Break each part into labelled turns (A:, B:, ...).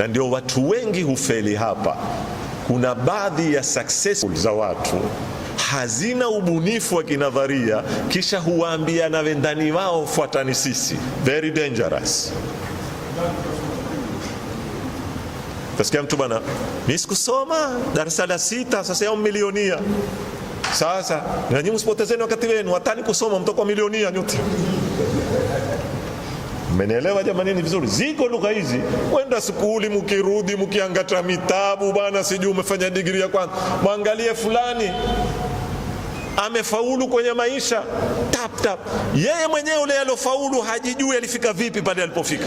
A: na ndio watu wengi hufeli hapa. Kuna baadhi ya successful za watu hazina ubunifu wa kinadharia, kisha huwaambia na wendani wao fuatani sisi. Very dangerous. Tasikia mtu bwana, mi sikusoma darasa la sita, sasa yao milionia. Sasa na nyinyi msipotezeni wakati wenu, hatani kusoma mtakuwa milionia nyote. Mmenielewa jamani? Ni vizuri, ziko lugha hizi. Wenda sukuli mkirudi mkiangata mitabu bana, sijui umefanya digrii ya kwanza, mwangalie fulani amefaulu kwenye maisha tap tap. Yeye mwenyewe ule aliofaulu hajijui alifika vipi pale alipofika.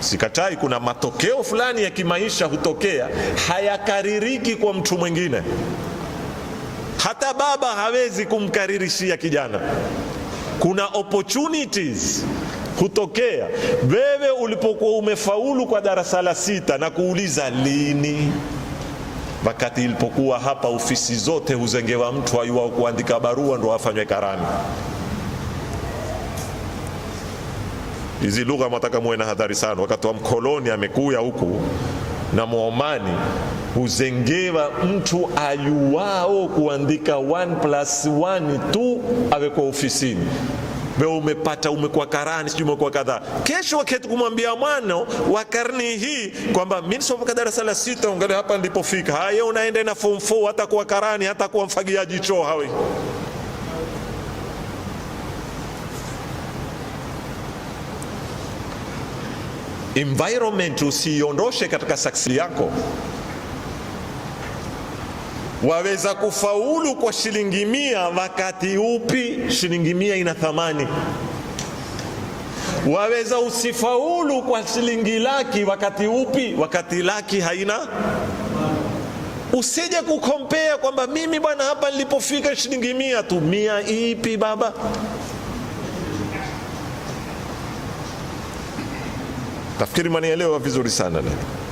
A: Sikatai, kuna matokeo fulani ya kimaisha hutokea, hayakaririki kwa mtu mwingine. Hata baba hawezi kumkaririshia kijana kuna opportunities hutokea. Wewe ulipokuwa umefaulu kwa darasa la sita na kuuliza lini wakati ilipokuwa hapa ofisi zote huzengewa mtu ayua kuandika barua ndo afanywe karani. Hizi lugha mwataka muwe na hadhari sana. Wakati wa mkoloni amekuya huku na Muomani huzengewa mtu ayuwao kuandika 1 plus 1 tu awe kwa ofisini wewe umepata umekuwa karani sijui umekuwa kadhaa. Kesho wakati kumwambia mwana wa karni hii kwamba mimi nisoma darasa la sita, ungali hapa nilipofika. Haya, unaenda na form 4 hata kuwa karani hata kuwa mfagiaji choo hawe. Environment usiondoshe katika saksi yako waweza kufaulu kwa shilingi mia wakati upi? Shilingi mia ina thamani. Waweza usifaulu kwa shilingi laki wakati upi? Wakati laki haina. Usije kukompea kwamba mimi bwana, hapa nilipofika shilingi mia tu. Mia ipi baba? Nafikiri manielewa vizuri sana leo.